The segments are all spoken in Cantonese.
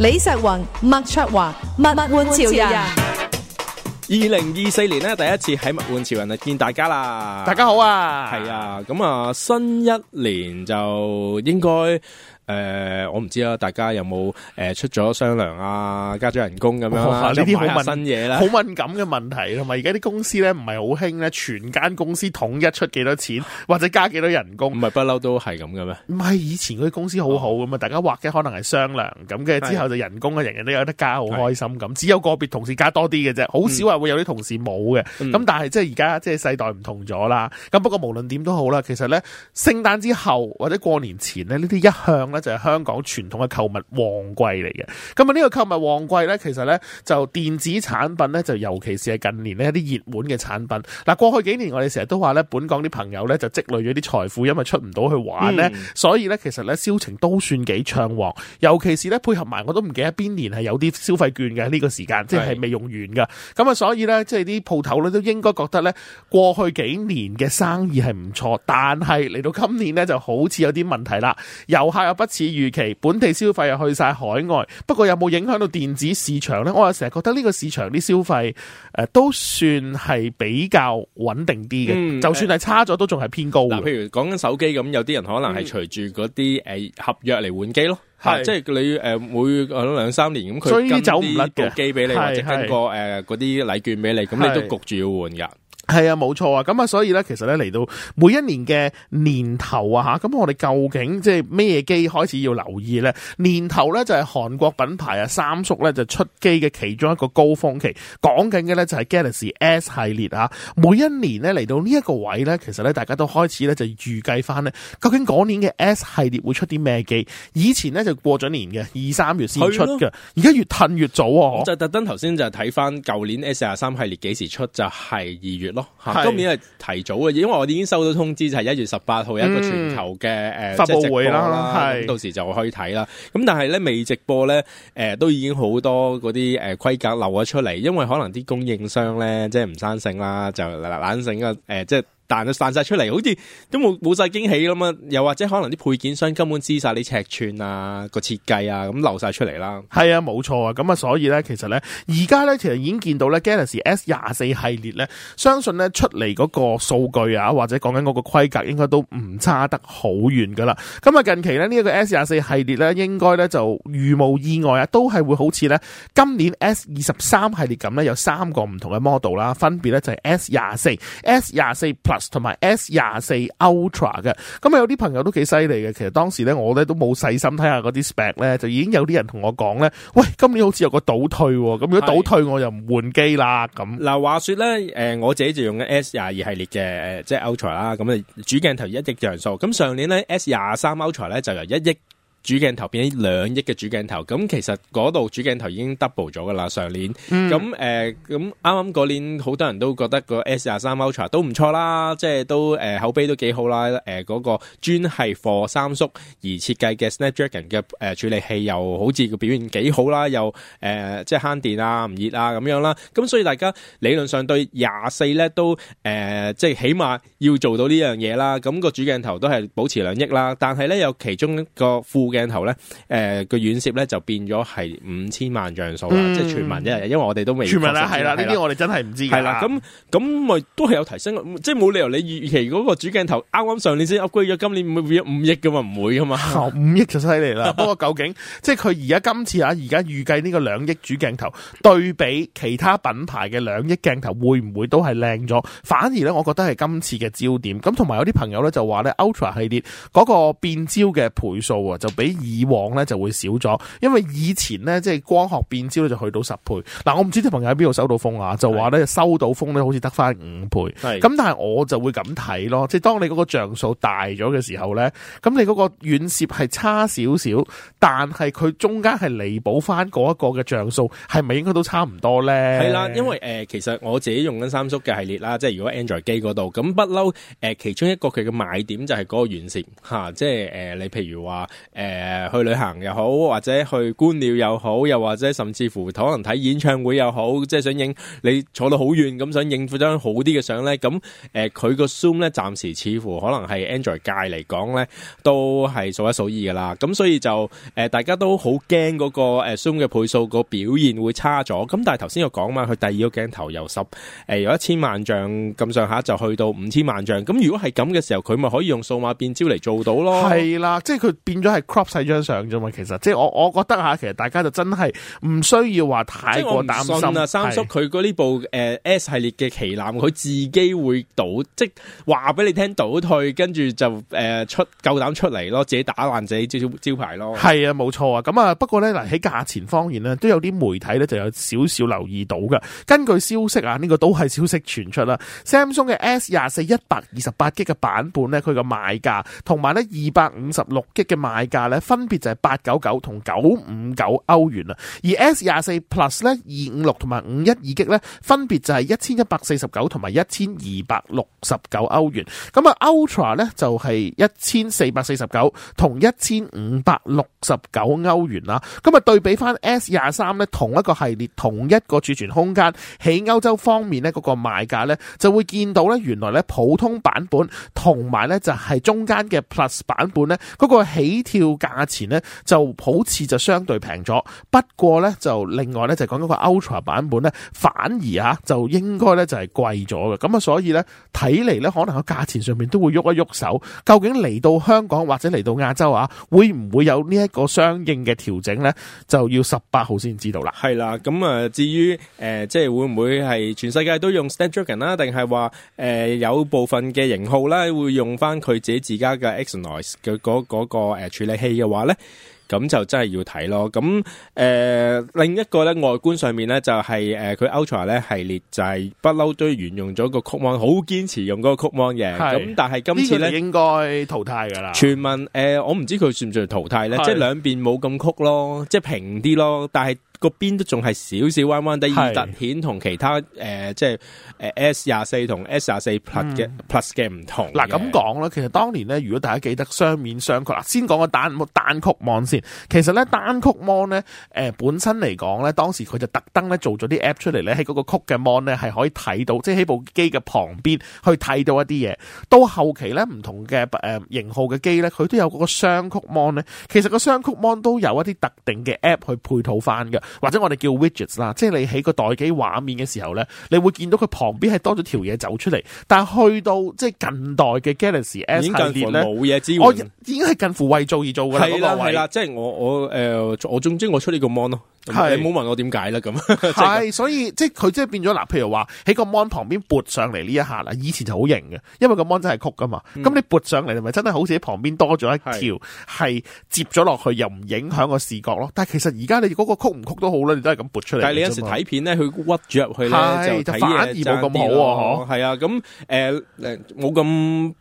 李石云、麥卓華、物玩潮人，二零二四年呢，第一次喺物玩潮人啊見大家啦！大家好啊，係啊，咁啊，新一年就應該。誒，我唔知啦，大家有冇誒出咗商量啊，加咗人工咁樣啦？你買下新嘢啦，呢啲好敏感嘅問題，同埋而家啲公司咧，唔係好興咧，全間公司統一出幾多錢，或者加幾多人工？唔係不嬲都係咁嘅咩？唔係以前嗰啲公司好好咁啊，大家劃嘅可能係商量咁嘅，之後就人工啊，人人都有得加，好開心咁。只有個別同事加多啲嘅啫，好少話會有啲同事冇嘅。咁但係即係而家即係世代唔同咗啦。咁不過無論點都好啦，其實咧，聖誕之後或者過年前呢，呢啲一向咧。就係香港傳統嘅購物旺季嚟嘅，咁啊呢個購物旺季呢，其實呢，就電子產品呢，就尤其是係近年呢一啲熱門嘅產品。嗱，過去幾年我哋成日都話呢，本港啲朋友呢，就積累咗啲財富，因為出唔到去玩呢。嗯、所以呢，其實呢，銷情都算幾暢旺，尤其是呢，配合埋我都唔記得邊年係有啲消費券嘅呢、呢個時間，即係未用完噶。咁啊是，所以呢，即係啲鋪頭呢都應該覺得呢，過去幾年嘅生意係唔錯，但係嚟到今年呢，就好似有啲問題啦，遊客不似預期，本地消費又去晒海外，不過有冇影響到電子市場咧？我啊成日覺得呢個市場啲消費、呃、都算係比較穩定啲嘅，嗯、就算係差咗、呃、都仲係偏高、呃。譬如講緊手機咁，有啲人可能係隨住嗰啲合約嚟換機咯，嗯、是即係你每兩三年咁佢跟啲舊機俾你，或者跟個嗰啲禮券俾你，咁是你都焗住要換噶。係啊，冇錯啊，咁啊，所以咧，其實咧，嚟到每一年嘅年頭啊，吓，咁我哋究竟即係咩機開始要留意咧？年頭咧就係韓國品牌啊，三叔咧就出機嘅其中一個高峰期，講緊嘅咧就係 Galaxy S 系列啊。每一年咧嚟到呢一個位咧，其實咧大家都開始咧就預計翻咧，究竟嗰年嘅 S 系列會出啲咩機？以前咧就過咗年嘅二三月先出嘅，而家的越褪越早喎，哦。就特登頭先就睇翻舊年 S 廿三系列幾時出就，就係二月。Oh, 是今年係提早嘅，因為我哋已經收到通知，就係一月十八號有一個全球嘅誒、嗯呃、發布會啦。咁是到時就可以睇啦。咁但係咧未直播咧，誒、呃、都已經好多嗰啲誒規格漏咗出嚟，因為可能啲供應商咧即係唔生性啦，就懶性啊，誒、呃、即係。但就散晒出嚟，好似都冇冇晒驚喜咁啊！又或者可能啲配件商根本知晒你尺寸啊、個設計啊，咁漏晒出嚟啦。係啊，冇錯啊。咁啊，所以咧，其實咧，而家咧，其實已經見到咧，Galaxy S 廿四系列咧，相信咧出嚟嗰個數據啊，或者講緊嗰個規格應該、這個，應該都唔差得好遠噶啦。咁啊，近期咧呢一個 S 廿四系列咧，應該咧就如無意外啊，都係會好似咧今年 S 二十三系列咁咧，有三個唔同嘅 model 啦，分別咧就係 S 廿四、S 廿四 Plus。同埋 S 廿四 Ultra 嘅，咁啊有啲朋友都幾犀利嘅。其實當時咧，我咧都冇細心睇下嗰啲 spec 咧，就已經有啲人同我講咧，喂，今年好似有個倒退，咁如果倒退，我又唔換機啦。咁嗱，話說咧，誒、呃，我自己就用嘅 S 廿二系列嘅，即係 Ultra 啦，咁啊主鏡頭一億像素。咁上年咧 S 廿三 Ultra 咧就由一億。主鏡頭變咗兩億嘅主鏡頭，咁其實嗰度主鏡頭已經 double 咗噶啦上年。咁誒咁啱啱嗰年好多人都覺得個 S 廿三 Ultra 都唔錯啦，即係都誒口碑都幾好啦。誒個專係 for 三叔而設計嘅 Snapdragon 嘅誒處理器，又好似個表現幾好啦，又誒即係慳電啊，唔熱啊咁樣啦。咁所以大家理論上對廿四咧都誒即係起碼要做到呢樣嘢啦。咁個主鏡頭都係保持兩億啦，但係咧有其中一個副，鏡頭咧，誒個遠攝咧就變咗係五千萬像素啦，嗯、即係全民一日。因為我哋都未全民啦，係啦，呢啲我哋真係唔知嘅。係啦，咁咁咪都係有提升，即係冇理由你預期嗰個主鏡頭啱啱上年先 upgrade 咗，今年會變咗五億嘅嘛？唔會噶嘛？五億就犀利啦。 不過究竟即係佢而家今次啊，而家預計呢個兩億主鏡頭對比其他品牌嘅兩億鏡頭，會唔會都係靚咗？反而咧，我覺得係今次嘅焦點。咁同埋有啲朋友咧就話咧，Ultra 系列嗰個變焦嘅倍數啊，就比以往咧就會少咗，因為以前咧即係光學變焦就去到十倍。嗱、呃，我唔知啲朋友喺邊度收到風啊，就話咧是的 收到風咧好似得翻五倍。咁，是的 但係我就會咁睇咯，即係當你嗰個像素大咗嘅時候咧，咁你嗰個遠攝係差少少，但係佢中間係彌補翻嗰一個嘅像素，係咪應該都差唔多咧？係啦，因為誒、呃，其實我自己用緊三叔嘅系列啦，即係如果 Android 機嗰度，咁不嬲誒，其中一個佢嘅賣點就係嗰個遠攝、啊、即係誒、呃，你譬如話誒。呃誒，去旅行又好，或者去觀鳥又好，又或者甚至乎可能睇演唱會又好，即係想影你坐到好遠咁，想影一張好啲嘅相咧。咁誒，佢個 Zoom 咧，暫時似乎可能係 Android 界嚟講咧，都係數一數二噶啦。咁所以就誒、呃，大家都好驚嗰個誒 Zoom 嘅倍數個表現會差咗。咁但係頭先又講嘛，佢第二個鏡頭由十誒、呃、有一千萬像咁上下，就去到五千萬像。咁如果係咁嘅時候，佢咪可以用數碼變焦嚟做到咯？係啦，即係佢變咗係。晒張相啫嘛，其實即係我我覺得吓，其實大家就真係唔需要話太過擔心啦。是三叔佢嗰呢部誒、呃、S 系列嘅旗艦，佢自己會倒，即話俾你聽倒退，跟住就誒、呃、出夠膽出嚟咯，自己打爛自己招招牌咯。係啊，冇錯啊。咁啊，不過呢，嗱喺價錢方面呢都有啲媒體呢就有少少留意到噶。根據消息啊，呢、這個都係消息傳出啦。Samsung 嘅 S 廿四一百二十八 G 嘅版本呢，佢個賣價同埋呢二百五十六 G 嘅賣價。分別就係八九九同九五九歐元啦，而 S 廿四 Plus 咧，二五六同埋五一二 G 咧，分別就係一千一百四十九同埋一千二百六十九歐元。咁啊 Ultra 咧就係一千四百四十九同一千五百六十九歐元啦。咁啊對比翻 S 廿三咧，同一個系列同一個儲存空間喺歐洲方面咧個賣價咧就會見到咧，原來咧普通版本同埋咧就係中間嘅 Plus 版本咧個起跳價錢咧就好似就相對平咗，不過咧就另外咧就講嗰個 Ultra 版本咧反而嚇、啊、就應該咧就係貴咗嘅，咁啊所以咧睇嚟咧可能個價錢上面都會喐一喐手，究竟嚟到香港或者嚟到亞洲啊，會唔會有呢一個相應嘅調整咧？就要十八號先知道啦。係啦，咁啊至於誒、呃、即係會唔會係全世界都用 Snapdragon 啦，定係話誒有部分嘅型號啦會用翻佢自己自家嘅 Exynos 嘅嗰嗰個、那個呃、處理？氣嘅話咧，咁就真係要睇咯。咁誒，另一個咧外觀上面咧就係誒，佢 Ultra 咧系列就係不嬲都沿用咗個曲芒，好堅持用嗰個曲芒嘅。咁但係今次咧應該淘汰噶啦。傳聞誒，我唔知佢算唔算淘汰咧，即係兩邊冇咁曲咯，即係平啲咯，但係。個邊都仲係少少彎彎，得意特顯同其他誒、呃，即係誒 S 廿四、嗯、同 S 廿四 Plus 嘅 Plus 嘅唔同。嗱咁講啦，其實當年咧，如果大家記得雙面雙曲啦，先講個單單曲 Mon 先。其實咧單曲 Mon 咧，誒本身嚟講咧，當時佢就特登咧做咗啲 App 出嚟咧，喺嗰個曲嘅 Mon 咧係可以睇到，即係喺部機嘅旁邊去睇到一啲嘢。到後期咧唔同嘅誒、呃、型號嘅機咧，佢都有嗰個雙曲 Mon 咧。其實個雙曲 Mon 都有一啲特定嘅 App 去配套翻嘅。或者我哋叫 widgets 啦，即係你喺個待機畫面嘅時候咧，你會見到佢旁邊係多咗條嘢走出嚟，但係去到即係近代嘅 Galaxy S 系列冇嘢支援，我已經係近乎為做而做嘅。啦、嗰個，係啦位啦，即係、啊就是、我我誒，我總之、呃、我，我出呢個 mon 咯。係你冇問我點解啦咁，係是 這所以即係佢即係變咗嗱，譬如話喺個 mon 旁邊撥上嚟，呢一下啦，以前就好型嘅，因為個 mon 真係曲噶嘛，咁、嗯、你撥上嚟咪真係好似喺旁邊多咗一條，係是接咗落去又唔影響個視覺咯。但係其實而家你嗰個曲唔曲都好啦，你都係咁撥出嚟。但係你有時睇片咧，佢、嗯、屈住入去咧是就,看 就反而冇咁好。係啊，咁誒誒冇咁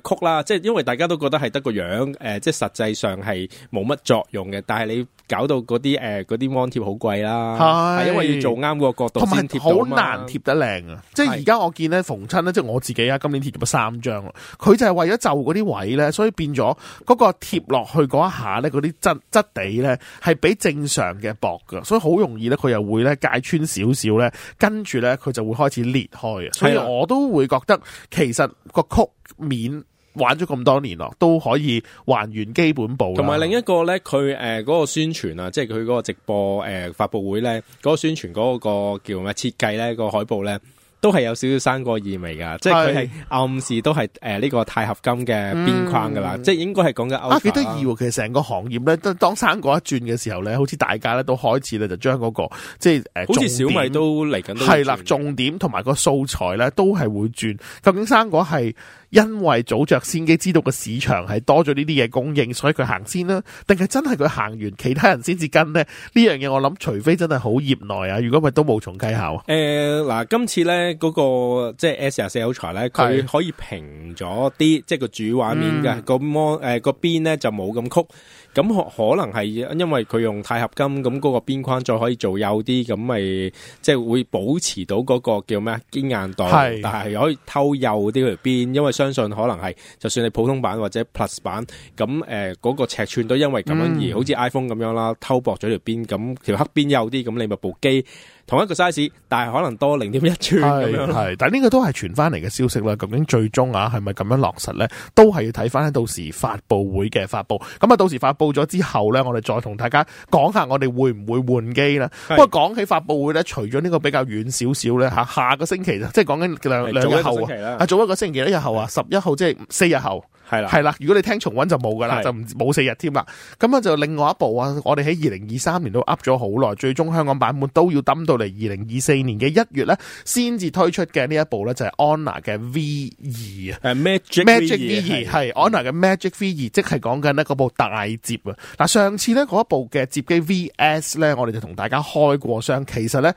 誒曲啦，即係因為大家都覺得係得個樣，誒、呃、即係實際上係冇乜作用嘅，但係你。搞到嗰啲誒嗰啲芒貼好貴啦、啊，係是因為要做啱個角度同埋貼好難貼得靚啊！是即係而家我見咧逢親咧，即係我自己啊，今年貼咗三張啊。佢就係為咗就嗰啲位咧，所以變咗嗰個貼落去嗰一下咧，嗰啲質質地咧係比正常嘅薄㗎，所以好容易咧佢又會咧界穿少少咧，跟住咧佢就會開始裂開啊！所以我都會覺得其實個曲面。玩咗咁多年咯，啊，都可以還原基本步。同埋另一個咧，佢誒嗰個宣傳啊，即係佢嗰個直播誒、呃、發佈會咧，嗰、那個宣傳嗰、那個叫咩、那個那個、設計咧，那個海報咧，都係有少少生果意味噶。是即係佢係暗示都係誒呢個鈦合金嘅邊框噶啦。嗯、即係應該係講緊啊，幾得意其實成個行業咧，都當生果一轉嘅時候咧，好似大家咧都開始咧就將嗰、那個即係誒。呃、好似小米都嚟緊，係啦點，重點同埋個素材咧都係會轉。究竟生果係？因為早着先機，知道個市場係多咗呢啲嘢供應，所以佢行先啦。定係真係佢行完，其他人先至跟呢？呢樣嘢我諗，除非真係好業內啊！如果唔係，都無從稽考。誒，嗱，今次呢嗰、那個即係 S24 Ultra 呢，佢可以平咗啲，是即係個主畫面嘅個誒個邊呢就冇咁曲。咁可可能係因為佢用鈦合金，咁嗰個邊框再可以做幼啲，咁咪即係會保持到嗰、那個叫咩堅硬度，是但係可以偷幼啲條邊，因為相信可能係就算你普通版或者 Plus 版，咁誒嗰個尺寸都因為咁樣、嗯、而好似 iPhone 咁樣啦，偷薄咗條邊，咁條黑邊幼啲，咁你咪部機。同一個 size，但係可能多零點一寸咁樣。係，但呢個都係傳翻嚟嘅消息啦。究竟最終啊，係咪咁樣落實咧？都係要睇翻到時發佈會嘅發佈。咁啊，到時發佈咗之後咧，我哋再同大家講下，我哋會唔會換機啦？不過講起發佈會咧，除咗呢個比較遠少少咧，吓下個星期即係講緊兩兩日後啊，早一個星期一日後啊，十一號即係四日後。係啦，係啦，如果你聽重温就冇噶啦，的就唔冇四日添啦。咁啊，就另外一部啊，我哋喺二零二三年都 Up 咗好耐，最終香港版本都要等到嚟二零二四年嘅一月咧，先至推出嘅呢一部咧就係 Honor 嘅 V 二啊。誒，Magic V 二係 Honor 嘅 Magic V 二的，v 2, 即係講緊呢嗰部大接啊。嗱，上次咧嗰一部嘅接機 VS 咧，我哋就同大家開過箱，其實咧。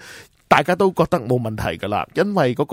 大家都覺得冇問題噶啦，因為嗰、那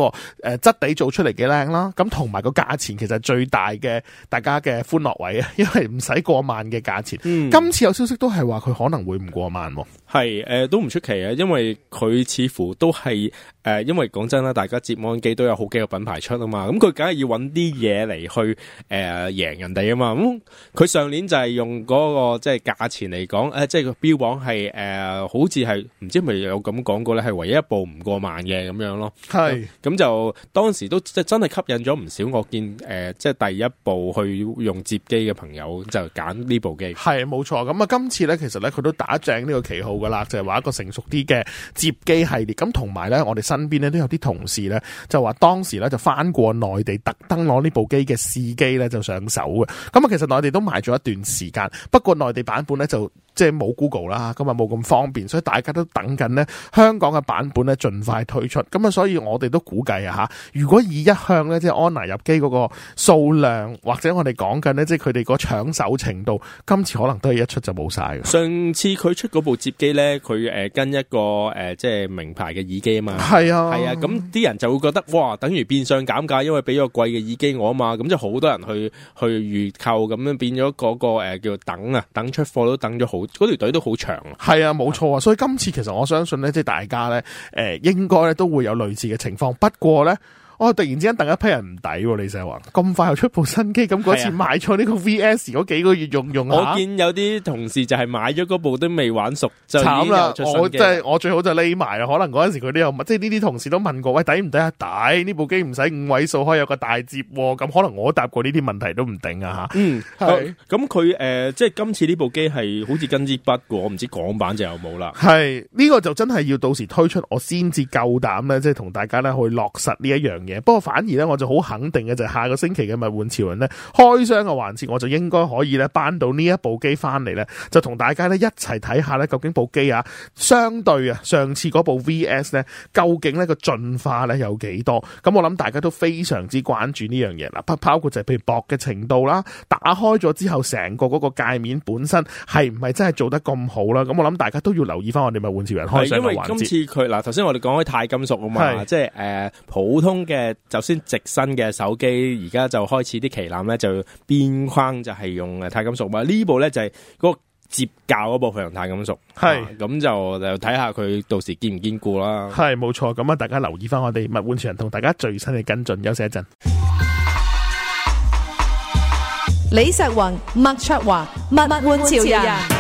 個誒質、呃、地做出嚟幾靚啦，咁同埋個價錢其實最大嘅大家嘅歡樂位啊，因為唔使過萬嘅價錢。嗯、今次有消息都係話佢可能會唔過萬，係誒、呃、都唔出奇啊，因為佢似乎都係誒、呃，因為講真啦，大家摺芒機都有好幾個品牌出啊嘛，咁佢梗係要揾啲嘢嚟去誒贏、呃、人哋啊嘛，咁、嗯、佢上年就係用嗰、那個即係價錢嚟講誒，即係、呃、個標榜係誒、呃、好似係唔知係咪有咁講過咧，係唯一。部唔過萬嘅咁樣咯，係咁是、嗯、就當時都即係真係吸引咗唔少，我見誒、呃、即係第一部去用摺機嘅朋友就揀呢部機，係冇錯。咁啊，今次咧其實咧佢都打正呢個旗號噶啦，就係、是、話一個成熟啲嘅摺機系列。咁同埋咧，我哋身邊咧都有啲同事咧就話當時咧就翻過內地特登攞呢部機嘅試機咧就上手嘅。咁啊，其實內地都賣咗一段時間，不過內地版本咧就。即係冇 Google 啦，咁啊冇咁方便，所以大家都等緊咧香港嘅版本咧，盡快推出。咁啊，所以我哋都估計啊吓，如果以一向咧，即係 Honor 入機嗰個數量，或者我哋講緊咧，即係佢哋個搶手程度，今次可能都係一出就冇晒。上次佢出嗰部接機咧，佢誒跟一個誒即係名牌嘅耳機啊嘛，係啊，係啊，咁啲人就會覺得哇，等於變相減價，因為俾個貴嘅耳機我啊嘛，咁就好多人去去預購，咁樣變咗嗰個誒叫等啊，等出貨都等咗好。嗰條隊都好長啊，係啊，冇錯啊，所以今次其實我相信咧，即係大家咧，誒應該咧都會有類似嘅情況，不過咧。我、哦、突然之間第一批人唔抵，李生話咁快又出部新機，咁嗰次買咗呢個 V S 嗰幾個月用用，用我見有啲同事就係買咗嗰部都未玩熟，慘啦！我即係我最好就匿埋啦。可能嗰陣時佢都有問，即係呢啲同事都問過，喂，抵唔抵啊？抵呢部機唔使五位數可以有個大折，啊，咁可能我答過呢啲問題都唔定啊！吓，嗯，咁佢誒，即係今次呢部機係好似跟支筆嘅，我唔知港版就有冇啦。係呢，這個就真係要到時推出，我先至夠膽咧，即係同大家咧去落實呢一樣。不過反而咧，我就好肯定嘅，就係下個星期嘅物玩潮人咧，開箱嘅環節我就應該可以咧，搬到呢一部機翻嚟咧，就同大家咧一齊睇下咧，究竟部機啊，相對啊上次嗰部 VS 咧，究竟呢個進化咧有幾多？咁我諗大家都非常之關注呢樣嘢嗱，包括就係譬如薄嘅程度啦，打開咗之後成個嗰個界面本身係唔係真係做得咁好啦？咁我諗大家都要留意翻我哋物玩潮人開箱嘅環節。因為今次佢嗱，頭先我哋講開鈦金屬啊嘛，是即係誒、呃、普通嘅。誒，就算直身嘅手機，而家就開始啲旗艦咧，就邊框就係用鈦金屬嘛。呢部咧就係嗰個接教嗰部分用鈦金屬，係咁是、啊、就就睇下佢到時堅唔堅固啦。係冇錯，咁啊，大家留意翻我哋物玩潮人同大家最新嘅跟進，休息一陣。李石雲、麥卓華、物玩潮人。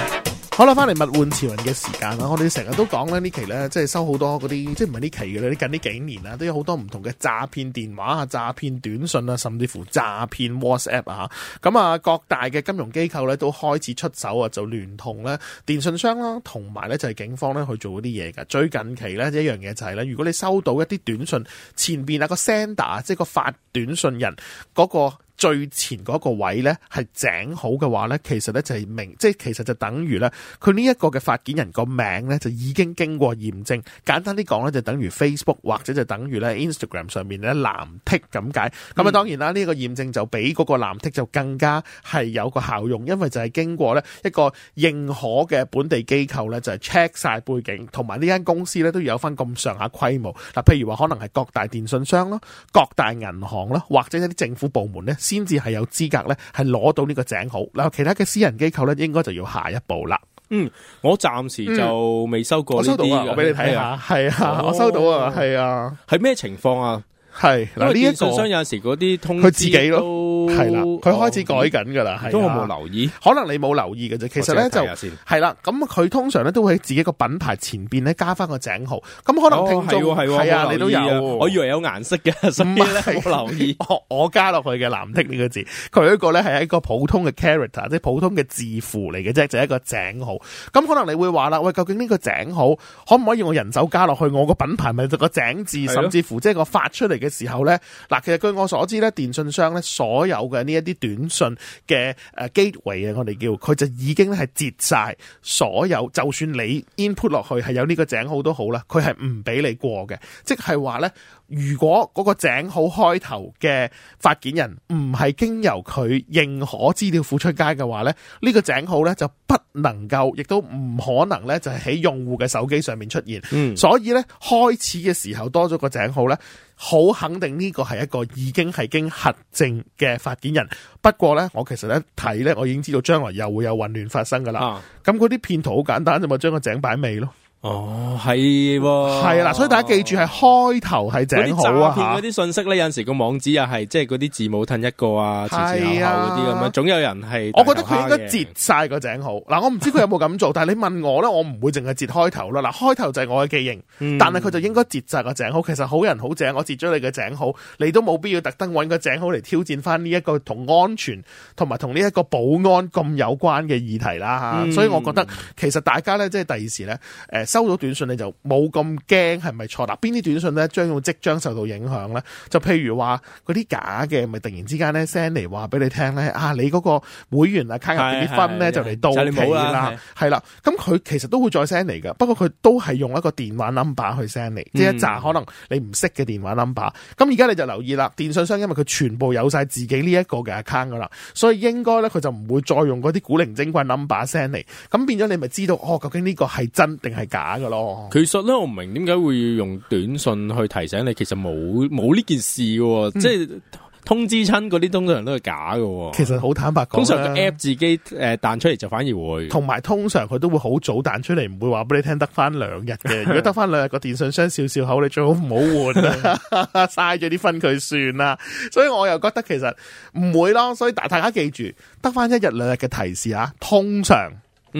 好啦，翻嚟物玩潮人嘅時間啦。我哋成日都講咧，呢期咧即係收好多嗰啲，即係唔係呢期嘅咧。近呢幾年啊都有好多唔同嘅詐騙電話啊、詐騙短信啊甚至乎詐騙 WhatsApp 啊。咁啊，各大嘅金融機構咧都開始出手啊，就聯同咧電信商啦，同埋咧就係警方咧去做嗰啲嘢㗎。最近期咧一樣嘢就係咧，如果你收到一啲短信，前邊啊個 sender，即係個發短信人嗰個。最前嗰個位呢係整好嘅話呢，其實呢就係明，即係其實就等於呢。佢呢一個嘅發件人個名呢，就已經經過驗證。簡單啲講呢，就等於 Facebook 或者就等於呢 Instagram 上面呢藍剔咁解。咁啊、嗯、當然啦，呢、這個個驗證就比嗰個藍 t 就更加係有個效用，因為就係經過呢一個認可嘅本地機構呢，就係 check 晒背景，同埋呢間公司呢，都有翻咁上下規模。嗱，譬如話可能係各大電信商囉，各大銀行囉，或者一啲政府部門呢。先至係有資格咧，係攞到呢個井號。嗱，其他嘅私人機構咧，應該就要下一步啦。嗯，我暫時就未收過、嗯。我收到我啊，我俾你睇下。係啊，我收到啊，係、哦、啊，係咩情況啊？係，嗱，呢一個商有陣時嗰啲通，佢自己咯，係啦，佢開始改緊噶啦，都我冇留意，可能你冇留意嘅啫。其實咧就係啦，咁佢通常咧都會喺自己個品牌前邊咧加翻個井號。咁可能聽眾係啊，你都有，我以為有顏色嘅，唔係，冇留意，我加落去嘅藍剔呢個字，佢一個咧係一個普通嘅 character，即係普通嘅字符嚟嘅啫，就係一個井號。咁可能你會話啦，喂，究竟呢個井號可唔可以用我人手加落去？我個品牌咪個井字，甚至乎即係個發出嚟嘅。嘅時候咧，嗱，其實據我所知咧，電信商咧所有嘅呢一啲短信嘅 gateway 啊，我哋叫佢就已經咧係截晒所有，就算你 input 落去係有呢個井號都好啦，佢係唔俾你過嘅，即係話咧。如果嗰個井號開頭嘅發件人唔係經由佢認可資料庫出街嘅話呢，呢個井號呢就不能夠，亦都唔可能呢就係喺用戶嘅手機上面出現。嗯，所以呢，開始嘅時候多咗個井號呢，好肯定呢個係一個已經係經核證嘅發件人。不過呢，我其實呢睇呢，我已經知道將來又會有混亂發生噶啦。咁嗰啲騙徒好簡單啫嘛，將個井擺尾咯。哦，係係啦，所以大家記住係開頭係井號啊！嗰啲信息咧，有陣時個網址又係即係嗰啲字母褪一個啊，前前後後嗰啲咁樣，總有人係，我覺得佢應該截晒個井號嗱，我唔知佢有冇咁做， 但係你問我咧，我唔會淨係截開頭啦嗱，開頭就係我嘅記認，嗯、但係佢就應該截晒個井號。其實好人好井，我截咗你嘅井號，你都冇必要特登揾個井號嚟挑戰翻呢一個同安全同埋同呢一個保安咁有關嘅議題啦吓。嗯、所以我覺得其實大家咧，即係第二時咧，誒、呃。收到短訊，你就冇咁驚係咪錯？嗱，邊啲短訊咧將會即將受到影響咧？就譬如話嗰啲假嘅，咪突然之間咧 send 嚟話俾你聽咧啊！你嗰個會員啊卡入邊啲分咧的就嚟到手啦，係啦。咁佢其實都會再 send 嚟㗎。不過佢都係用一個電話 number 去 send 嚟，即的一紮可能你唔識嘅電話 number。咁而家你就留意啦，電信商因為佢全部有晒自己呢一個嘅 account 噶啦，所以應該咧佢就唔會再用嗰啲古靈精怪 number send 嚟，咁變咗你咪知道哦、啊，究竟呢個係真定係假？假嘅咯，其實咧我唔明點解會用短信去提醒你，其實冇冇呢件事嘅，嗯、即係通知親嗰啲通常都係假嘅。其實好坦白講，通常 A P P 自己誒彈、呃、出嚟就反而會，同埋通常佢都會好早彈出嚟，唔會話俾你聽得翻兩日嘅。如果得翻兩日個電信商笑笑口，你最好唔好換啊，嘥咗啲分佢算啦。所以我又覺得其實唔會咯，所以大家記住，得翻一日兩日嘅提示啊，通常。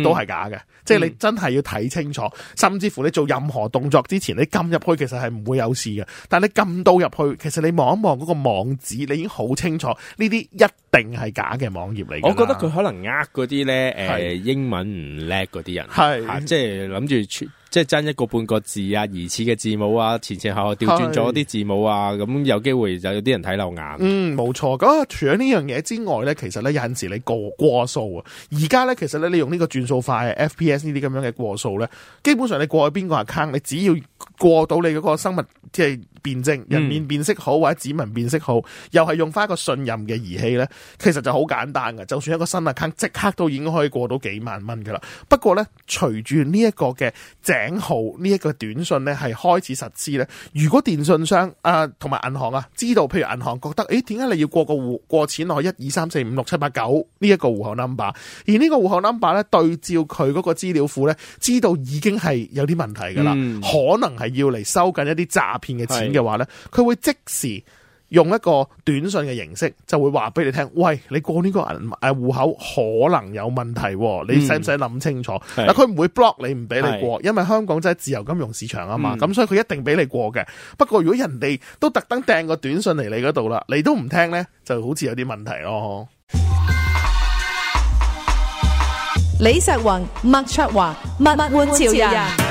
都係假嘅，嗯、即係你真係要睇清楚，嗯、甚至乎你做任何動作之前，你撳入去其實係唔會有事嘅。但係你撳到入去，其實你望一望嗰個網址，你已經好清楚呢啲一定係假嘅網頁嚟。我覺得佢可能呃嗰啲咧，誒係，英文唔叻嗰啲人，係即係諗住。即係爭一個半個字啊，疑似嘅字母啊，前前後後調轉咗啲字母啊，咁是的 有機會就有啲人睇漏眼。嗯，冇錯。咁除咗呢樣嘢之外咧，其實咧有陣時你過過數啊。而家咧，其實咧你用呢個轉數快 FPS 呢啲咁樣嘅過數咧，基本上你過去邊個 account，你只要過到你嗰個生物，即係辨證，人面辨識好或者指紋辨識好，又係用翻一個信任嘅儀器咧，其實就好簡單嘅。就算一個新 account 即刻都已經可以過到幾萬蚊噶啦。不過咧，隨住呢一個嘅井號呢一個短信咧係開始實施咧，如果電信商啊同埋銀行啊知道，譬如銀行覺得，誒點解你要過個戶過錢落去一二三四五六七八九呢一個戶口 number，而呢個戶口 number 咧對照佢嗰個資料庫咧，知道已經係有啲問題噶啦，嗯、可能係要嚟收緊一啲詐騙。騙嘅錢嘅話呢，佢會即時用一個短訊嘅形式，就會話俾你聽，喂，你過呢個銀戶口可能有問題。嗯、你使唔使諗清楚？嗱、嗯，佢唔會 block 你，唔俾你過，是因為香港真係自由金融市場啊嘛，咁、嗯、所以佢一定俾你過嘅。不過如果人哋都特登掟個短訊嚟你嗰度啦，你都唔聽呢，就好似有啲問題咯。李石雲、麥卓華、物玩潮人。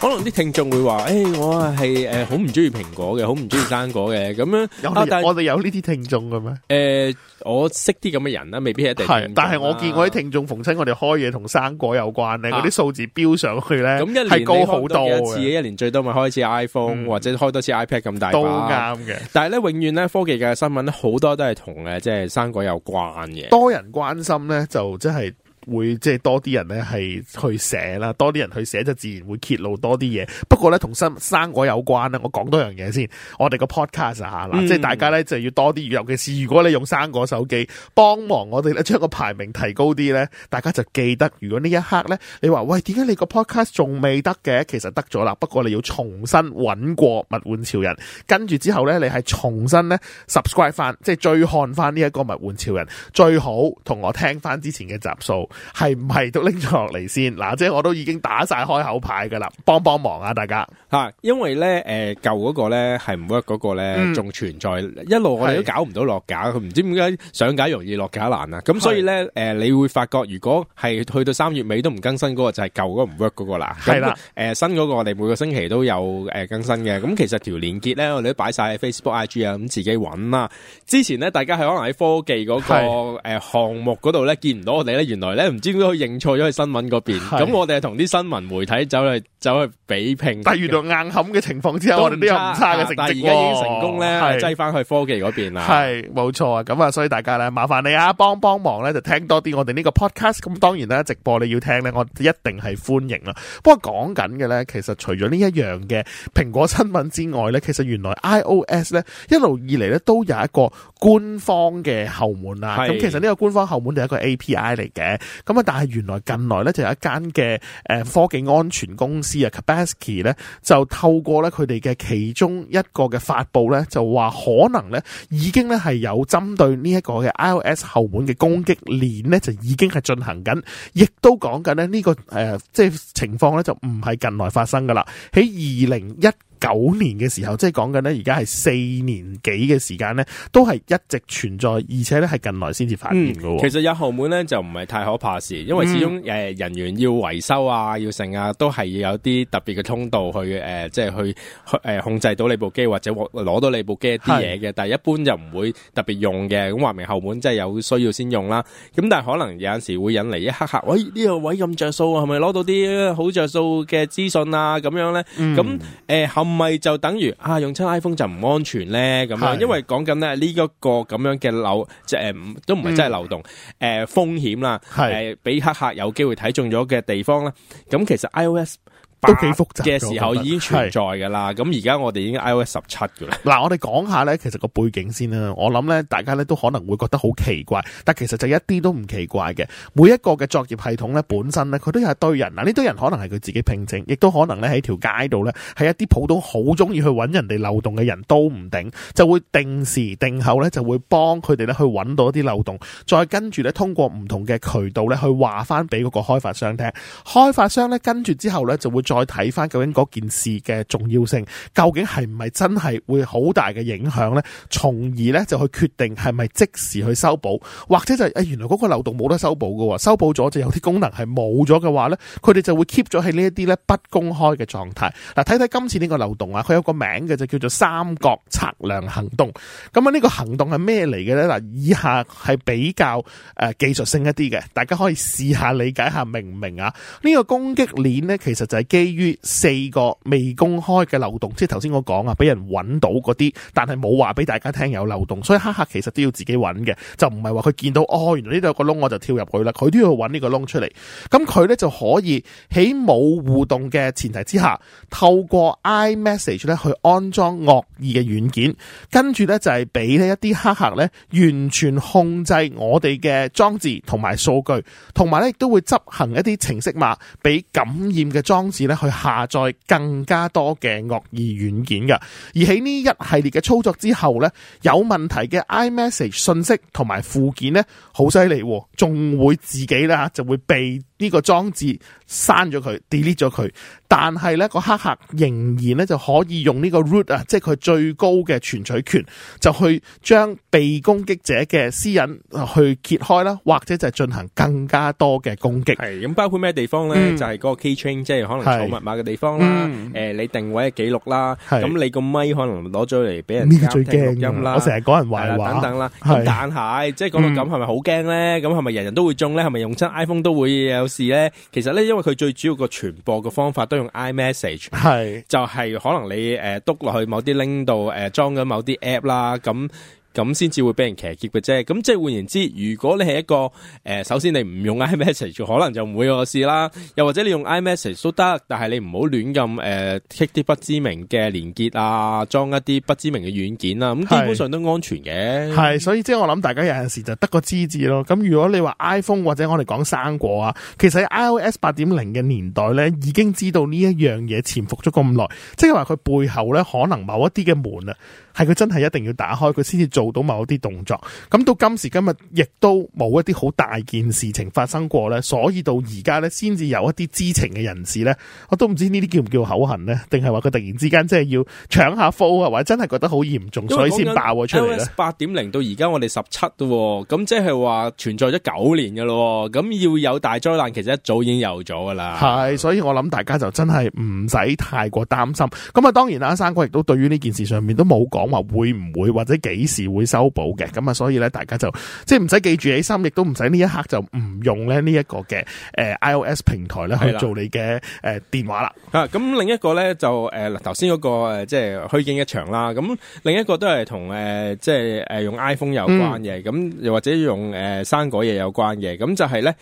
可能啲聽眾會話：誒，我係誒好唔中意蘋果嘅，好唔中意生果嘅。咁樣，但係我哋有呢啲聽眾嘅咩？誒，我識啲咁嘅人啦，未必係一定。係，但係我見我啲聽眾逢親我哋開嘢同生果有關咧，嗰啲數字標上去咧，咁一年開多一次，一年最多咪開一次 iPhone 或者開多次 iPad 咁大。都啱嘅。但係咧，永遠咧科技嘅新聞咧，好多都係同誒即係生果有關嘅。多人關心咧，就真係。會即係多啲人咧係去寫啦，多啲人去寫就自然會揭露多啲嘢。不過咧同生生果有關啦，我講多樣嘢先。我哋個 podcast 吓啦、嗯，即係大家咧就要多啲，尤其是如果你用生果手機幫忙我哋咧將個排名提高啲咧，大家就記得。如果呢一刻咧，你話喂，點解你個 podcast 仲未得嘅？其實得咗啦，不過你要重新揾過物玩潮人。跟住之後咧，你係重新咧 subscribe 翻，即係追看翻呢一個物玩潮人，最好同我聽翻之前嘅集數。係唔係都拎咗落嚟先？嗱，即係我都已經打晒開口牌噶啦，幫幫忙啊，大家吓，因為咧，誒，舊嗰個咧係唔 work 嗰個咧仲存在，嗯、一路我哋都搞唔到落架，佢唔是的 知點解上架容易落架難啊！咁是的 所以咧，誒是的、呃，你會發覺如果係去到三月尾都唔更新嗰個就係舊嗰個唔 work 嗰個啦，係啦是的，誒、呃，新嗰個我哋每個星期都有誒更新嘅，咁是的 其實條連結咧我哋都擺晒喺 Facebook、IG 啊，咁自己搵啦、啊。之前咧大家係可能喺科技嗰個誒項目嗰度咧見唔到我哋咧，是的 原來呢。你唔知點解佢認錯咗喺新聞嗰邊，咁我哋同啲新聞媒體走去。走去比拼，哦、但係遇到硬冚嘅情況之後，我哋都有唔差嘅成績。但而家已經成功咧，擠翻是去科技嗰邊啦。係，冇錯啊。咁啊，所以大家咧，麻煩你啊，幫幫忙咧，就聽多啲我哋呢個 podcast。咁當然啦，直播你要聽咧，我一定係歡迎啦。不過講緊嘅咧，其實除咗呢一樣嘅蘋果新品之外咧，其實原來 iOS 咧一路以嚟咧都有一個官方嘅後門啊。咁是其實呢個官方後門就係一個 API 嚟嘅。咁啊，但係原來近來咧就有一間嘅誒科技安全公司。斯啊 Kaspersky 咧就透過咧佢哋嘅其中一個嘅發布咧，就話可能咧已經咧係有針對呢一個嘅 iOS 後門嘅攻擊鏈咧，就已經係進行緊，亦都講緊咧呢個誒即係情況咧就唔係近來發生噶啦，喺二零一九年嘅時候，即係講緊咧，而家係四年幾嘅時間咧，都係一直存在，而且咧係近來先至發現嘅。其實有後門咧就唔係太可怕事，因為始終誒人員要維修啊，要整啊，都係要有啲特別嘅通道去誒，即係去誒控制到你部機或者攞到你部機啲嘢嘅。但係一般就唔會特別用嘅，咁話明後門真係有需要先用啦。咁但係可能有陣時會引嚟一黑客，喂，呢個位咁着數啊，係咪攞到啲好着數嘅資訊啊？咁樣咧，咁誒後。唔係就等於啊用親 iPhone 就唔安全咧咁啊，因為講緊咧呢一個咁樣嘅漏，即係都唔係真係漏洞，誒風險啦，誒俾黑客有機會睇中咗嘅地方啦。咁其實 iOS。都幾複雜嘅時候已經存在噶啦，咁而家我哋已經 iOS 十七噶啦。嗱，我哋講下呢，其實個背景先啦。我諗呢，大家呢都可能會覺得好奇怪，但其實就一啲都唔奇怪嘅。每一個嘅作業系統呢，本身呢，佢都有一堆人嗱，呢堆人可能係佢自己聘請，亦都可能呢喺條街度呢，係一啲普通好中意去揾人哋漏洞嘅人都唔定，就會定時定候呢，就會幫佢哋呢去揾到一啲漏洞，再跟住呢，通過唔同嘅渠道呢，去話翻俾嗰個開發商聽，開發商呢，跟住之後呢，就會。再睇翻究竟嗰件事嘅重要性，究竟係唔係真係會好大嘅影響呢？從而呢，就去決定係咪即時去修補，或者就誒、是哎、原來嗰個漏洞冇得修補嘅，修補咗就有啲功能係冇咗嘅話呢，佢哋就會 keep 咗喺呢一啲呢不公開嘅狀態。嗱，睇睇今次呢個漏洞啊，佢有個名嘅就叫做三角測量行動。咁啊，呢個行動係咩嚟嘅呢？嗱，以下係比較誒、呃、技術性一啲嘅，大家可以試下理解下明唔明啊？呢、這個攻擊鏈呢，其實就係、是基於四個未公開嘅漏洞，即係頭先我講啊，俾人揾到嗰啲，但係冇話俾大家聽有漏洞，所以黑客其實都要自己揾嘅，就唔係話佢見到哦，原來呢度有個窿，我就跳入去啦，佢都要揾呢個窿出嚟。咁佢咧就可以喺冇互動嘅前提之下，透過 iMessage 咧去安裝惡意嘅軟件，跟住咧就係俾呢一啲黑客咧完全控制我哋嘅裝置同埋數據，同埋咧亦都會執行一啲程式碼，俾感染嘅裝置。咧去下載更加多嘅惡意軟件噶，而喺呢一系列嘅操作之後咧，有問題嘅 iMessage 信息同埋附件咧，好犀利，仲會自己啦，就會被，呢個裝置刪咗佢，delete 咗佢，但係咧個黑客仍然咧就可以用呢個 root 啊，即係佢最高嘅存取權，就去將被攻擊者嘅私隱去揭開啦，或者就係進行更加多嘅攻擊。係咁，包括咩地方咧？就係嗰個 keychain，即係可能儲密碼嘅地方啦。誒，你定位嘅記錄啦，咁你個咪可能攞咗嚟俾人監聽錄音啦。我成日講人壞話等等啦。咁但係即係講到咁，係咪好驚咧？咁係咪人人都會中咧？係咪用親 iPhone 都會有？事咧，其實咧，因為佢最主要個傳播嘅方法都用 iMessage，係是，就係可能你誒篤落去某啲 link 度，誒裝緊某啲 app 啦咁。咁先至會俾人騎劫嘅啫，咁即係換言之，如果你係一個誒、呃，首先你唔用 iMessage，可能就唔會有個事啦。又或者你用 iMessage 都得，但係你唔好亂咁誒 click 啲不知名嘅連結啊，裝一啲不知名嘅軟件啦，啊。咁基本上都安全嘅是。係，所以即係我諗，大家有陣時就得個知字咯。咁如果你話 iPhone 或者我哋講生果啊，其實喺 iOS 八點零嘅年代咧，已經知道呢一樣嘢潛伏咗咁耐，即係話佢背後咧可能某一啲嘅門啊。係佢真係一定要打開佢先至做到某一啲動作，咁到今時今日亦都冇一啲好大件事情發生過呢，所以到而家呢，先至有一啲知情嘅人士呢，我都唔知呢啲叫唔叫口痕呢，定係話佢突然之間即係要搶下 fo 啊，或者真係覺得好嚴重，所以先爆咗出嚟咧。八點零到而家我哋十七嘅喎，咁即係話存在咗九年嘅咯，咁要有大災難其實一早已經有咗噶啦。係，所以我諗大家就真係唔使太過擔心。咁啊，當然啦，蘋果亦都對於呢件事上面都冇講。話會唔會或者幾時會修補嘅？咁啊，所以咧，大家就即係唔使記住喺心，亦都唔使呢一刻就唔用咧，呢一個嘅誒 iOS 平台咧去做你嘅誒電話啦。吓，咁另一個咧就誒頭先嗰個即係虛驚一場啦。咁另一個都係同誒即係誒用 iPhone 有關嘅，咁又或者用誒生果嘢有關嘅，咁就係咧。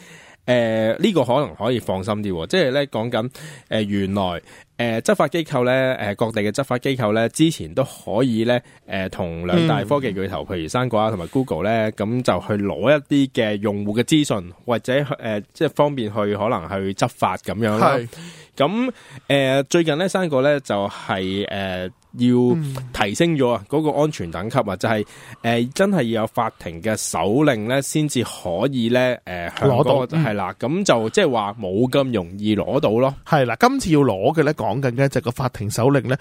誒，呢、呃這個可能可以放心啲，即係咧講緊誒，原來誒執、呃、法機構咧，誒、呃、各地嘅執法機構咧，之前都可以咧，誒、呃、同兩大科技巨頭，嗯、譬如生果啊同埋 Google 咧，咁就去攞一啲嘅用戶嘅資訊，或者誒、呃、即係方便去可能去執法咁樣啦，咁誒，最近咧，生果咧就係、是、誒。呃要提升咗啊！嗰個安全等級啊，就係、是、誒、呃、真係要有法庭嘅手令咧，先至可以咧誒、呃、向、嗰個、攞到係、嗯、啦，咁就即係話冇咁容易攞到咯。係啦，今次要攞嘅咧，講緊嘅就個法庭手令咧。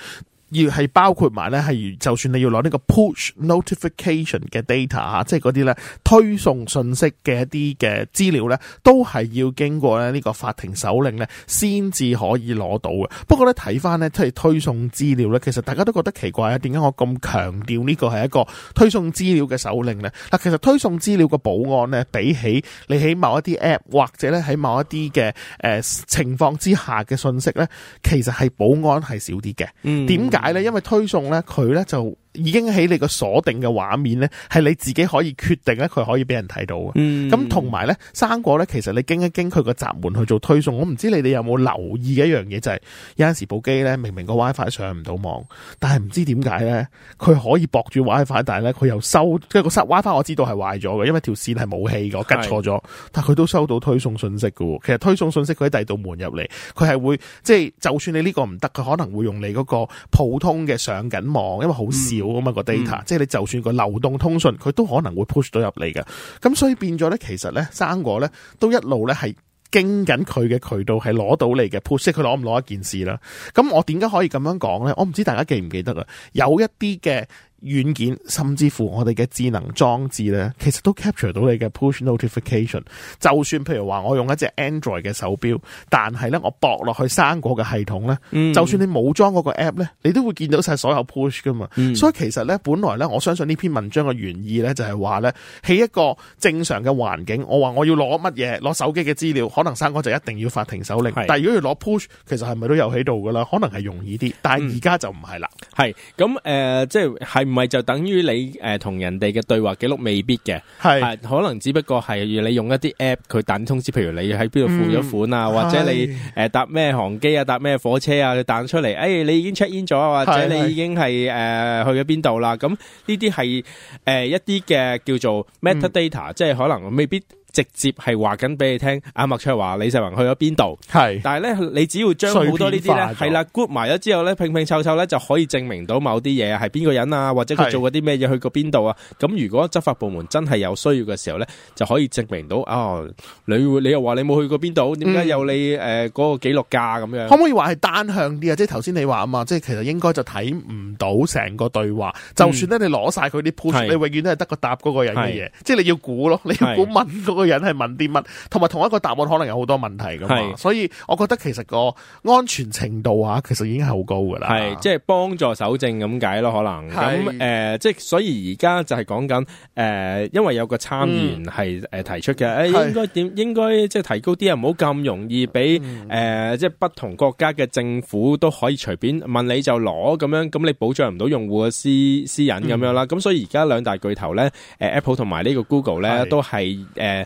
要係包括埋咧，係就算你要攞呢個 push notification 嘅 data 吓，即係嗰啲咧推送信息嘅一啲嘅資料咧，都係要經過咧呢個法庭手令咧，先至可以攞到嘅。不過咧睇翻，咧即係推送資料咧，其實大家都覺得奇怪啊，點解我咁強調呢個係一個推送資料嘅手令咧？嗱，其實推送資料嘅保安咧，比起你喺某一啲 app 或者咧喺某一啲嘅誒情況之下嘅信息咧，其實係保安係少啲嘅。嗯，點？解咧，因為推送咧，佢咧就。已經喺你個鎖定嘅畫面呢，係你自己可以決定咧，佢可以俾人睇到嘅。咁同埋呢，生果呢，其實你經一經佢個閘門去做推送，我唔知你哋有冇留意一樣嘢，就係、是、有陣時部機呢，明明個 WiFi 上唔到網，但係唔知點解呢，佢可以駁住 WiFi，但係呢，佢又收，即係個 WiFi 我知道係壞咗嘅，因為條線係冇氣嘅，我吉錯咗，是但佢都收到推送信息嘅。其實推送信息佢喺第二道門入嚟，佢係會即係、就是、就算你呢個唔得，佢可能會用你嗰個普通嘅上緊網，因為好少。嗯咁啊，個 data，即係你就算個流動通訊，佢都可能會 push 到入嚟嘅。咁所以變咗咧，其實咧生果咧都一路咧係經緊佢嘅渠道係攞到你嘅 push，佢攞唔攞一件事啦。咁我點解可以咁樣講咧？我唔知大家記唔記得啊？有一啲嘅。軟件甚至乎我哋嘅智能裝置咧，其實都 capture 到你嘅 push notification。就算譬如話我用一隻 Android 嘅手錶，但係咧我駁落去生果嘅系統咧，嗯、就算你冇裝嗰個 app 咧，你都會見到晒所有 push 噶嘛。嗯、所以其實咧，本來咧，我相信呢篇文章嘅原意咧，就係話咧，起一個正常嘅環境，我話我要攞乜嘢攞手機嘅資料，可能生果就一定要法停手令。是的 但如果要攞 push，其實係咪都有喺度噶啦？可能係容易啲，但係而家就唔係啦。係咁、嗯呃、即係係。唔係就等於你誒同人哋嘅對話記錄未必嘅，係可能只不過係要你用一啲 app 佢彈通知，譬如你喺邊度付咗款啊，或者你誒搭咩航機啊，搭咩火車啊，佢彈出嚟，哎你已經 check in 咗，或者你已經係誒去咗邊度啦，咁呢啲係誒一啲嘅叫做 metadata，即係可能未必。直接係話緊俾你聽，阿麥卓華、李世宏去咗邊度？係是，但係咧，你只要將好多呢啲咧，係啦，group 埋咗之後咧，拼拼湊湊咧，就可以證明到某啲嘢係邊個人啊，或者佢做嗰啲咩嘢，去過邊度啊？咁如果執法部門真係有需要嘅時候咧，就可以證明到啊。你你又話你冇去過邊度？點解有你誒嗰、嗯呃嗰個記錄架咁樣？可唔可以話係單向啲啊？即係頭先你話啊嘛，即係其實應該就睇唔到成個對話。就算咧、嗯，你攞晒佢啲 post，你永遠都係得個答嗰個人嘅嘢。是即係你要估咯，你要估問嗰個的。問那個個人係問啲乜，同埋同一個答案可能有好多問題噶嘛，是所以我覺得其實個安全程度啊，其實已經係好高噶啦。係即係幫助守正咁解咯，可能咁誒是、呃，即係所以而家就係講緊誒，因為有個參議員係誒提出嘅，誒、嗯呃、應該點應該即係提高啲人唔好咁容易俾誒、嗯呃，即係不同國家嘅政府都可以隨便問你就攞咁樣，咁你保障唔到用戶嘅私私隱咁樣啦。咁、嗯、所以而家兩大巨頭咧，誒、呃、Apple 同埋呢個 Google 咧，都係誒。是呃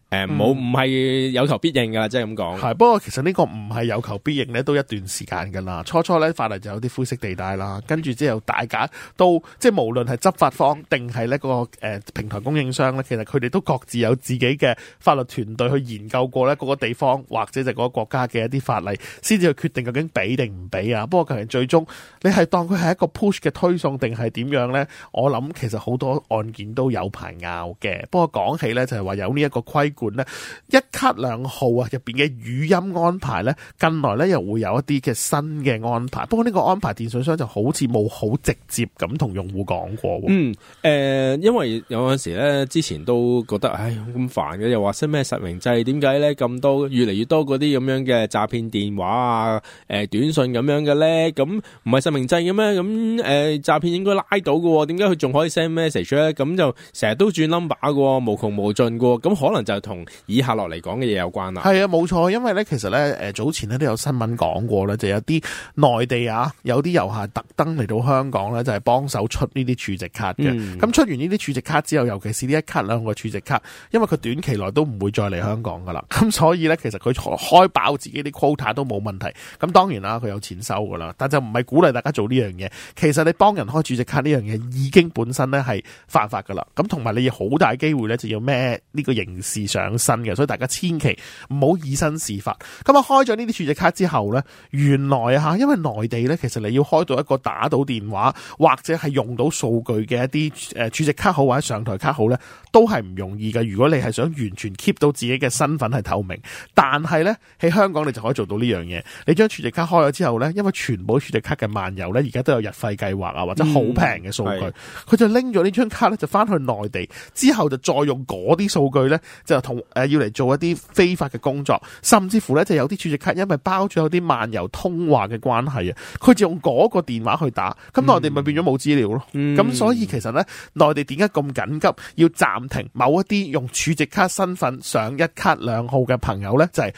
誒，好、嗯，唔係有求必應噶，即係咁講。係，不過其實呢個唔係有求必應呢都一段時間噶啦。初初呢，法例就有啲灰色地帶啦。跟住之後，大家都即係無論係執法方定係呢個誒、呃、平台供應商呢，其實佢哋都各自有自己嘅法律團隊去研究過呢各個地方或者就嗰個國家嘅一啲法例，先至去決定究竟俾定唔俾啊。不過其實最終你係當佢係一個 push 嘅推送定係點樣呢？我諗其實好多案件都有排拗嘅。不過講起呢，就係、是、話有呢一個規。一卡兩號啊，入邊嘅語音安排咧，近來咧又會有一啲嘅新嘅安排。不過呢個安排，電信商就好似冇好直接咁同用戶講過。嗯，誒、呃，因為有陣時咧，之前都覺得，唉，咁煩嘅，又話識咩實名制？點解咧咁多越嚟越多嗰啲咁樣嘅詐騙電話啊，誒、呃，短信咁樣嘅咧？咁唔係實名制嘅咩？咁誒，呃、詐騙應該拉到嘅，點解佢仲可以 send message 咧？咁就成日都轉 number 嘅，無窮無盡嘅，咁可能就同。同以下落嚟講嘅嘢有關啦，係啊，冇錯，因為咧其實咧，誒早前咧都有新聞講過啦，就有啲內地啊，有啲遊客特登嚟到香港咧，就係幫手出呢啲儲值卡嘅。咁、嗯、出完呢啲儲值卡之後，尤其是呢一卡兩個儲值卡，因為佢短期內都唔會再嚟香港噶啦，咁所以咧其實佢開爆自己啲 quota 都冇問題。咁當然啦，佢有錢收噶啦，但就唔係鼓勵大家做呢樣嘢。其實你幫人開儲值卡呢樣嘢，已經本身咧係犯法噶啦。咁同埋你好大機會咧，就要孭呢個刑事上。上身嘅，所以大家千祈唔好以身試法。咁啊，開咗呢啲儲值卡之後呢，原來啊吓，因為內地呢，其實你要開到一個打到電話或者係用到數據嘅一啲誒儲值卡號或者上台卡號呢，都係唔容易嘅。如果你係想完全 keep 到自己嘅身份係透明，但係呢，喺香港你就可以做到呢樣嘢。你將儲值卡開咗之後呢，因為全部儲值卡嘅漫遊呢，而家都有日費計劃啊，或者好平嘅數據，佢、嗯、就拎咗呢張卡呢，就翻去內地之後就再用嗰啲數據呢，就。誒，要嚟做一啲非法嘅工作，甚至乎呢就有啲儲值卡，因為包咗有啲漫遊通話嘅關係啊，佢就用嗰個電話去打，咁內地咪變咗冇資料咯。咁、嗯、所以其實呢，內地點解咁緊急要暫停某一啲用儲值卡身份上一卡兩號嘅朋友呢？就係、是。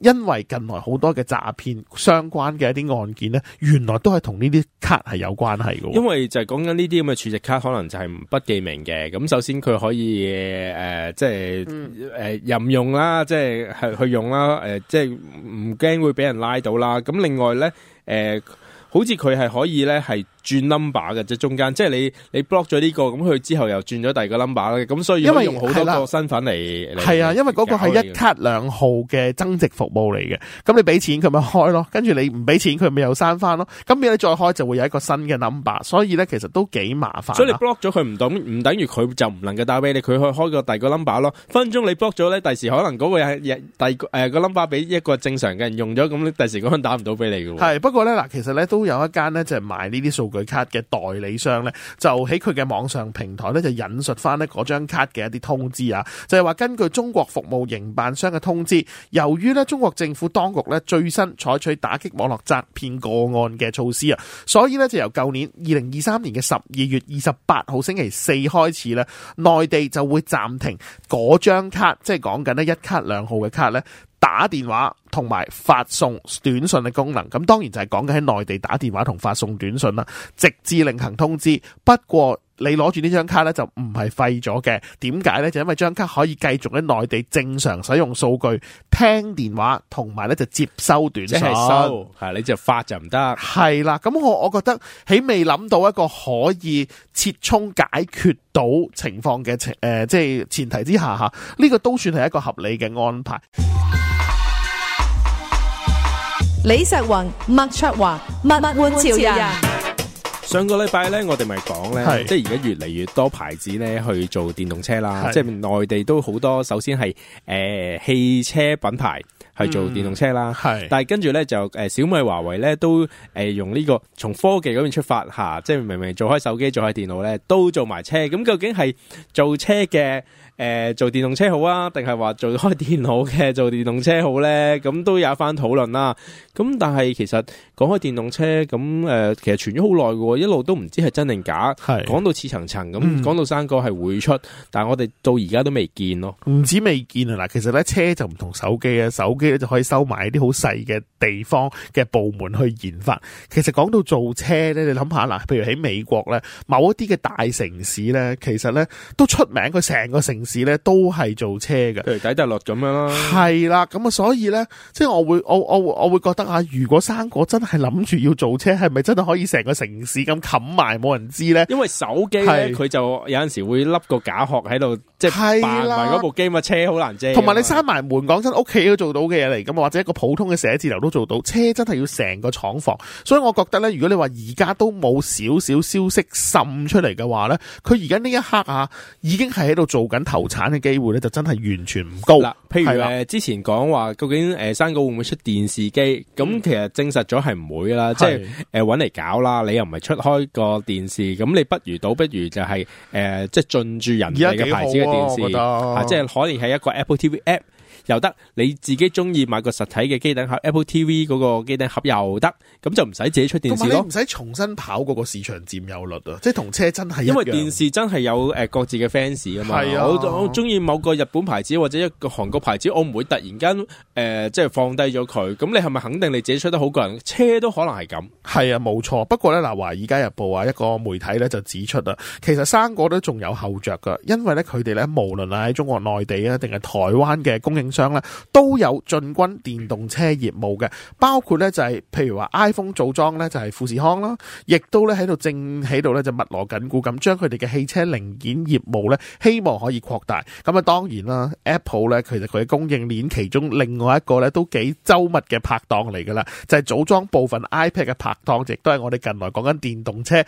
因為近來好多嘅詐騙相關嘅一啲案件咧，原來都係同呢啲卡係有關係喎。因為就係講緊呢啲咁嘅儲值卡，可能就係不記名嘅。咁首先佢可以誒、呃，即係誒、嗯呃、任用啦，即係去去用啦，誒、呃，即係唔驚會俾人拉到啦。咁另外咧，誒、呃。好似佢係可以咧，係轉 number 嘅啫，中間即係你你 block 咗呢個，咁佢之後又轉咗第二個 number 咧，咁所以要用好多個身份嚟係啊，因為嗰個係一卡兩號嘅增值服務嚟嘅，咁你俾錢佢咪開咯，跟住你唔俾錢佢咪又刪翻咯，咁你再開就會有一個新嘅 number，所以咧其實都幾麻煩。所以你 block 咗佢唔等唔等於佢就唔能夠打俾你，佢去開個第二個 number 咯。分鐘你 block 咗咧，第時可能嗰個係第個誒個 number 俾一個正常嘅人用咗，咁你第時嗰個打唔到俾你嘅。係，不過咧嗱，其實咧都。都有一間咧，就係賣呢啲數據卡嘅代理商咧，就喺佢嘅網上平台咧，就引述翻咧嗰張卡嘅一啲通知啊，就係話根據中國服務營辦商嘅通知，由於咧中國政府當局咧最新採取打擊網絡詐騙個案嘅措施啊，所以咧就由舊年二零二三年嘅十二月二十八號星期四開始咧，內地就會暫停嗰張卡，即係講緊咧一卡兩號嘅卡咧。打電話同埋發送短信嘅功能，咁當然就係講緊喺內地打電話同發送短信啦，直至另行通知。不過你攞住呢張卡呢，就唔係廢咗嘅，點解呢？就因為張卡可以繼續喺內地正常使用數據、聽電話同埋呢就接收短信。接收係，你就發就唔得。係啦，咁我我覺得喺未諗到一個可以切沖解決到情況嘅前誒，即係前提之下吓，呢、這個都算係一個合理嘅安排。李石雲、麥卓華、物玩潮人。上個禮拜咧，我哋咪講咧，即係而家越嚟越多牌子咧去做電動車啦，是即係內地都好多。首先係誒、呃、汽車品牌去做電動車啦，嗯、但係跟住咧就誒小米、華為咧都誒用呢個從科技嗰邊出發吓，即係明明做開手機、做開電腦咧，都做埋車。咁究竟係做車嘅？誒、呃，做電動車好啊，定係話做開電腦嘅做電動車好呢？咁都有一番討論啦。咁但係其實講開電動車咁誒、呃，其實傳咗好耐喎，一路都唔知係真定假。係講的到似層層，咁講到三個係會出，嗯、但係我哋到而家都未見咯。唔止未見啊！嗱，其實呢，車就唔同手機啊，手機咧就可以收埋啲好細嘅地方嘅部門去研發。其實講到造車呢，你諗下嗱，譬如喺美國呢，某一啲嘅大城市呢，其實呢都出名，佢成個城。市咧都係做車嘅，譬如底特律咁樣咯，係啦，咁啊，所以咧，即係我會，我我我會覺得啊，如果生果真係諗住要做車，係咪真係可以成個城市咁冚埋冇人知咧？因為手機佢是就有陣時會笠個假殼喺度，即係扮埋嗰部機啦嘛，車好難遮。同埋你閂埋門，講真，屋企都做到嘅嘢嚟咁，或者一個普通嘅寫字樓都做到。車真係要成個廠房，所以我覺得咧，如果你話而家都冇少少消息滲出嚟嘅話咧，佢而家呢一刻啊，已經係喺度做緊頭。無產嘅機會咧，就真係完全唔高啦。譬如誒是、啊呃，之前講話究竟誒，生、呃、果會唔會出電視機？咁、嗯、其實證實咗係唔會啦。即係誒，搵、呃、嚟搞啦，你又唔係出開個電視，咁你不如倒不如就係、是、誒，即係進駐人哋嘅牌子嘅電視即係、啊啊啊就是、可能係一個 Apple TV app。又得你自己中意買個實體嘅機頂盒，Apple TV 嗰個機頂盒又得，咁就唔使自己出電視咯。同埋唔使重新跑嗰個市場佔有率啊！即係同車真係因為電視真係有誒各自嘅 fans 啊嘛。係啊，我我中意某個日本牌子或者一個韓國牌子，我唔會突然間誒、呃、即係放低咗佢。咁你係咪肯定你自己出得好過人？車都可能係咁。係啊，冇錯。不過咧嗱，華爾街日報啊一個媒體咧就指出啦，其實生果都仲有後着噶，因為咧佢哋咧無論係喺中國內地啊定係台灣嘅供應。商咧都有進軍電動車業務嘅，包括咧就係、是、譬如話 iPhone 組裝咧就係富士康啦，亦都咧喺度正喺度咧就密鑼緊鼓咁將佢哋嘅汽車零件業務咧希望可以擴大。咁啊，當然啦，Apple 咧其實佢嘅供應鏈其中另外一個咧都幾周密嘅拍檔嚟噶啦，就係、是、組裝部分 iPad 嘅拍檔，亦都係我哋近來講緊電動車。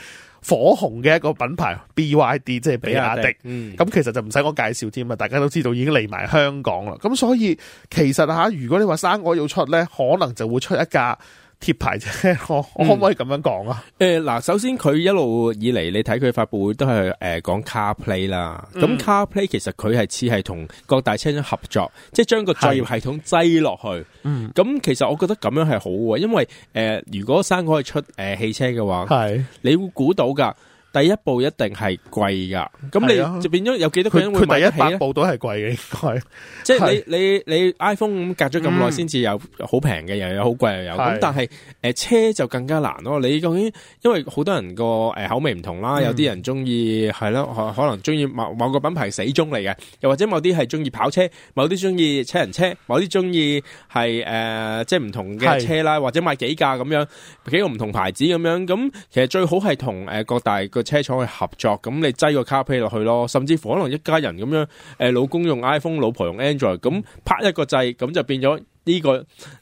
火紅嘅一個品牌 BYD，即係比亞迪，咁、嗯、其實就唔使我介紹添啊，大家都知道已經嚟埋香港啦。咁所以其實嚇，如果你話生果要出咧，可能就會出一架。貼牌啫，我我可唔可以咁樣講啊？誒、嗯、嗱、呃，首先佢一路以嚟，你睇佢發佈會都係誒講、呃、CarPlay 啦。咁、嗯、CarPlay 其實佢係似係同各大車商合作，即係將個作業系統擠落去。咁是、嗯、其實我覺得咁樣係好嘅，因為誒、呃、如果生可以出誒、呃、汽車嘅話，係是你會估到噶。第一部一定係貴㗎，咁你就變咗有幾多人會買得起啊？佢佢第一部都係貴嘅應該，即係你你你 iPhone 咁隔咗咁耐先至有好平嘅，又有好貴又有。咁但係誒車就更加難咯。你究竟因為好多人個誒口味唔同啦，有啲人中意係咯，可可能中意某某個品牌死忠嚟嘅，又或者某啲係中意跑車，某啲中意七人車，某啲中意係誒即係唔同嘅車啦，或者買幾架咁樣幾個唔同牌子咁樣。咁其實最好係同誒各大嘅。車廠去合作，咁你擠個卡片落去咯，甚至乎可能一家人咁樣，誒，老公用 iPhone，老婆用 Android，咁拍一個掣，咁就變咗呢、這個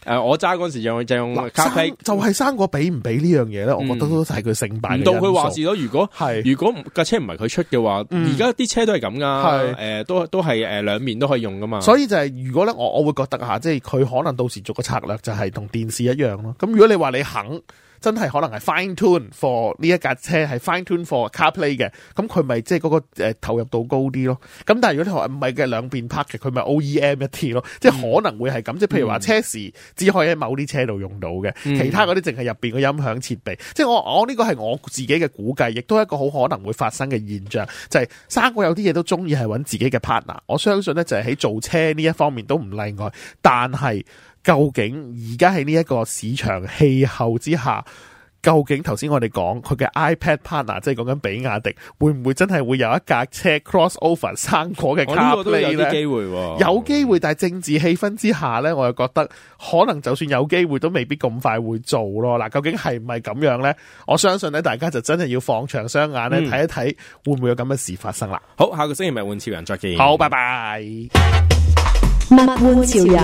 誒，我揸嗰時就用就用卡片，就係、是、生果俾唔俾呢樣嘢咧？嗯、我覺得都係佢成敗。到佢話事咯，如果係，如果架是車唔係佢出嘅話，而家啲車都係咁噶，誒是、呃，都都係誒兩面都可以用噶嘛。所以就係、是、如果咧，我我會覺得吓，即係佢可能到時做個策略，就係同電視一樣咯。咁如果你話你肯。真係可能係 fine tune for 呢一架車係 fine tune for CarPlay 嘅，咁佢咪即係嗰個投入度高啲咯？咁但係如果你話唔係嘅兩邊 p a r t 嘅，佢咪 OEM 一啲咯？即係可能會係咁，即係譬如話車時只可以喺某啲車度用到嘅，其他嗰啲淨係入面嘅音響設備。嗯、即係我我呢個係我自己嘅估計，亦都係一個好可能會發生嘅現象，就係生果有啲嘢都中意係揾自己嘅 partner。我相信咧就係喺造車呢一方面都唔例外，但係。究竟而家喺呢一個市場氣候之下，究竟頭先我哋講佢嘅 iPad partner，即係講緊比亞迪，會唔會真係會有一架車 cross over 生果嘅卡呢、哦這個都有啲機會，哦，有機會，但係政治氣氛之下呢，我又覺得可能就算有機會，都未必咁快會做咯。嗱，究竟係唔係咁樣呢，我相信大家就真係要放長雙眼呢睇、嗯、一睇會唔會有咁嘅事發生啦。好，下個星期物玩潮人再見。好，拜拜。物玩潮人。